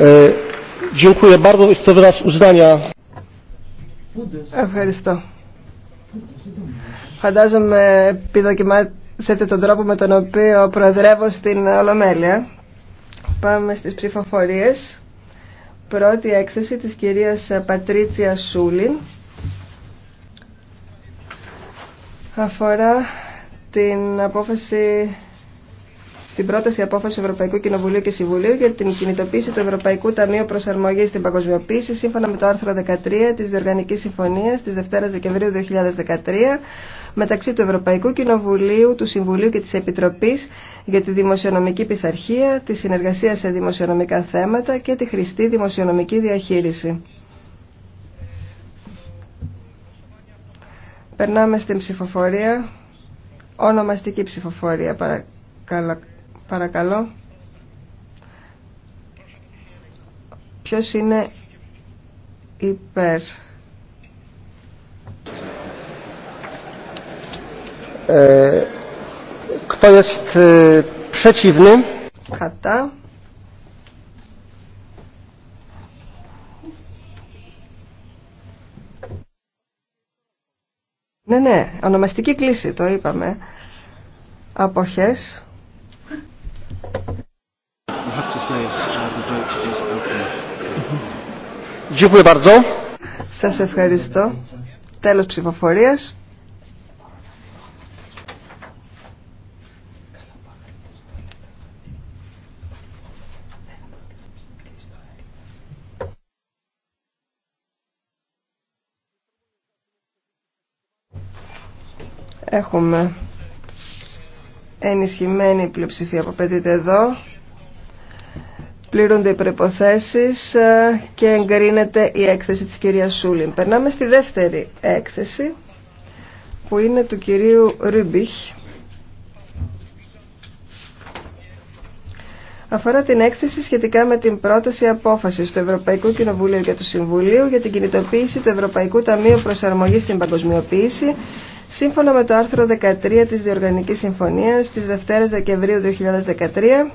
E, dziękuję bardzo. Jest to wyraz uznania. Ευχαριστώ. Φαντάζομαι επιδοκιμάσετε τον τρόπο με τον οποίο προεδρεύω στην Ολομέλεια. Πάμε στις ψηφοφορίε. Πρώτη έκθεση της κυρίας Πατρίτσια Σούλιν αφορά την απόφαση την πρόταση απόφαση Ευρωπαϊκού Κοινοβουλίου και Συμβουλίου για την κινητοποίηση του Ευρωπαϊκού Ταμείου Προσαρμογή στην Παγκοσμιοποίηση σύμφωνα με το άρθρο 13 τη Διοργανική Συμφωνία τη Δευτέρα Δεκεμβρίου 2013 μεταξύ του Ευρωπαϊκού Κοινοβουλίου, του Συμβουλίου και τη Επιτροπή για τη Δημοσιονομική Πειθαρχία, τη Συνεργασία σε Δημοσιονομικά Θέματα και τη Χρηστή Δημοσιονομική Διαχείριση. Περνάμε στην ψηφοφορία. Ονομαστική ψηφοφορία παρακαλώ. Παρακαλώ. Ποιος είναι υπέρ. Κτο ε, είναι e, Κατά. Ναι, ναι, ονομαστική κλίση, το είπαμε. Αποχές. Uh, Σα ευχαριστώ. Τέλος ψηφοφορίας. Έχουμε ενισχυμένη πλειοψηφία που απαιτείται εδώ πληρούνται οι προϋποθέσεις ε, και εγκρίνεται η έκθεση της κυρίας Σούλη. Περνάμε στη δεύτερη έκθεση που είναι του κυρίου Ρούμπιχ. Αφορά την έκθεση σχετικά με την πρόταση απόφαση του Ευρωπαϊκού Κοινοβουλίου και του Συμβουλίου για την κινητοποίηση του Ευρωπαϊκού Ταμείου Προσαρμογή στην Παγκοσμιοποίηση, σύμφωνα με το άρθρο 13 τη Διοργανική Συμφωνία τη Δευτέρα Δεκεμβρίου 2013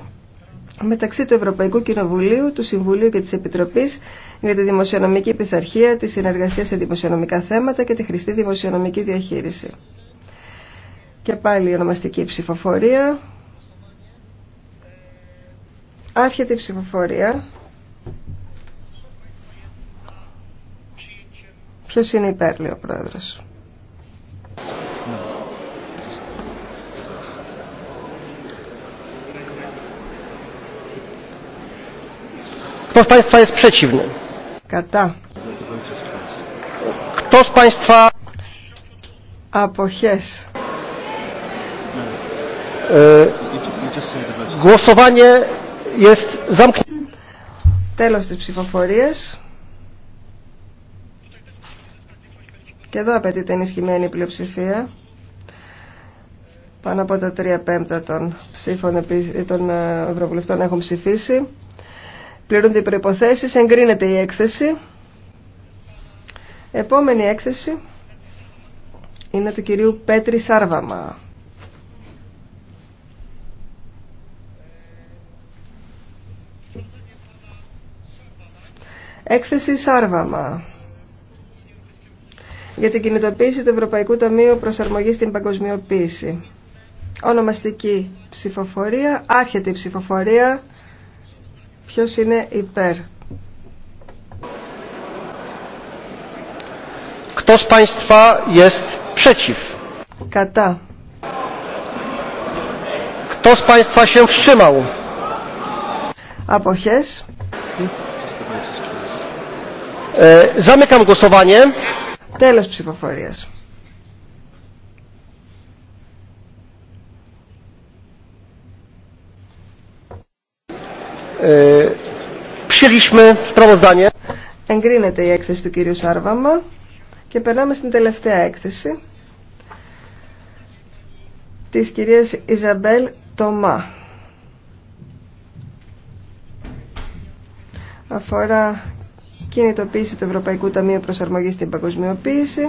μεταξύ του Ευρωπαϊκού Κοινοβουλίου, του Συμβουλίου και της Επιτροπής για τη δημοσιονομική επιθαρχία, τη συνεργασία σε δημοσιονομικά θέματα και τη χρηστή δημοσιονομική διαχείριση. Και πάλι η ονομαστική ψηφοφορία. Άρχεται η ψηφοφορία. Ποιος είναι υπέρ, λέει ο Πρόεδρος. Kto z Państwa jest przeciwny? Kata. Kto z Państwa... Αποχές. E, głosowanie jest zamknięte. Τέλος της ψηφοφορίας. Και εδώ απαιτείται ενισχυμένη πλειοψηφία. Πάνω από τα τρία πέμπτα των, ψήφων, των ε, Ευρωβουλευτών έχουν ψηφίσει πληρούνται οι προϋποθέσεις, εγκρίνεται η έκθεση. Επόμενη έκθεση είναι του κυρίου Πέτρη Σάρβαμα. Έκθεση Σάρβαμα για την κινητοποίηση του Ευρωπαϊκού Ταμείου Προσαρμογής στην Παγκοσμιοποίηση. Ονομαστική ψηφοφορία, άρχεται η ψηφοφορία. Ποιος είναι υπέρ. Kto z Państwa jest przeciw? Kata. Kto z Państwa się wstrzymał? Apoches. Ε, zamykam głosowanie. Teles ψηφοφορίας. Eee. Εγκρίνεται η έκθεση του κυρίου Σάρβαμα και περνάμε στην τελευταία έκθεση της κυρίας Ιζαμπέλ Τομά. Αφορά κινητοποίηση του Ευρωπαϊκού Ταμείου Προσαρμογής στην Παγκοσμιοποίηση.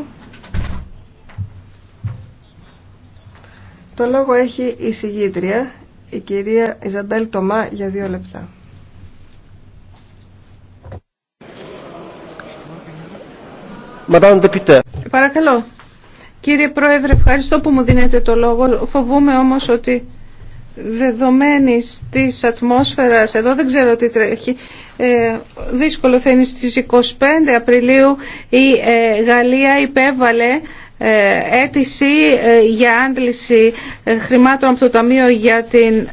Το λόγο έχει η συγγήτρια, η κυρία Ιζαμπέλ Τομά, για δύο λεπτά. Παρακαλώ. Κύριε Πρόεδρε, ευχαριστώ που μου δίνετε το λόγο. Φοβούμαι όμως ότι δεδομένη τη ατμόσφαιρας, εδώ δεν ξέρω τι τρέχει, ε, δύσκολο θα είναι στις 25 Απριλίου η ε, Γαλλία υπέβαλε ε, αίτηση για άντληση χρημάτων από το Ταμείο για την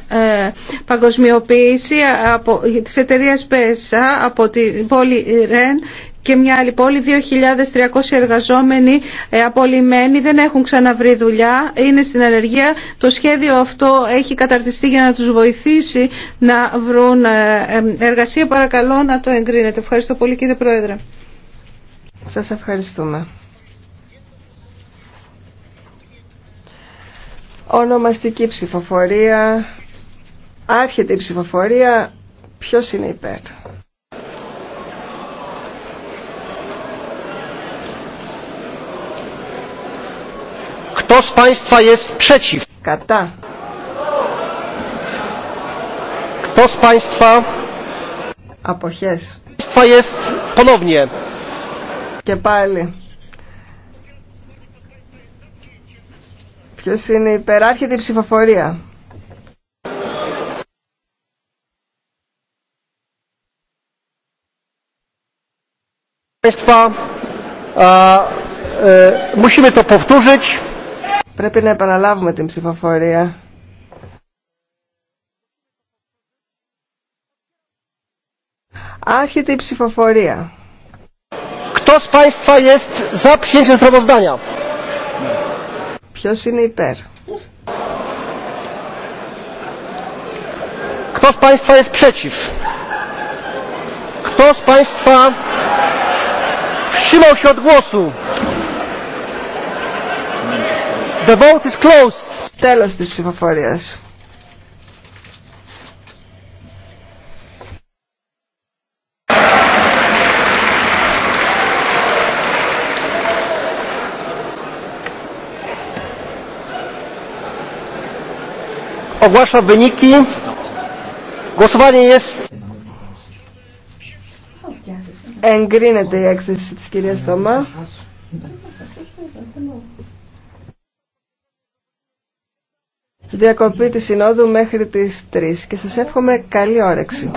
παγκοσμιοποίηση από, της εταιρείας ΠΕΣΑ από την πόλη ΡΕΝ και μια άλλη πόλη, 2.300 εργαζόμενοι ε, απολυμμένοι, δεν έχουν ξαναβρει δουλειά, είναι στην ανεργία. Το σχέδιο αυτό έχει καταρτιστεί για να τους βοηθήσει να βρουν ε, εργασία. Παρακαλώ να το εγκρίνετε. Ευχαριστώ πολύ κύριε Πρόεδρε. Σας ευχαριστούμε. Ονομαστική ψηφοφορία. Άρχεται η ψηφοφορία. Ποιος είναι υπέρ. Kto z Państwa jest przeciw? Kata. Kto z Państwa? Apochies. Państwa jest ponownie. Kepali. πάλι. Ποιος είναι υπεράρχεται η ψηφοφορία. Państwa, musimy to powtórzyć. Πρέπει να επαναλάβουμε την ψηφοφορία. Άρχεται η ψηφοφορία. Kto z Państwa jest za przyjęciem sprawozdania? Ποιος είναι υπέρ? Kto z Państwa jest przeciw? Kto z Państwa wstrzymał się od głosu? The vote is closed. Τέλος της ψηφοφορίας. Ogłaszam wyniki. Głosowanie jest... Εγκρίνεται η έκθεση της κυρίας Διακοπή της Συνόδου μέχρι τις 3 και σας εύχομαι καλή όρεξη.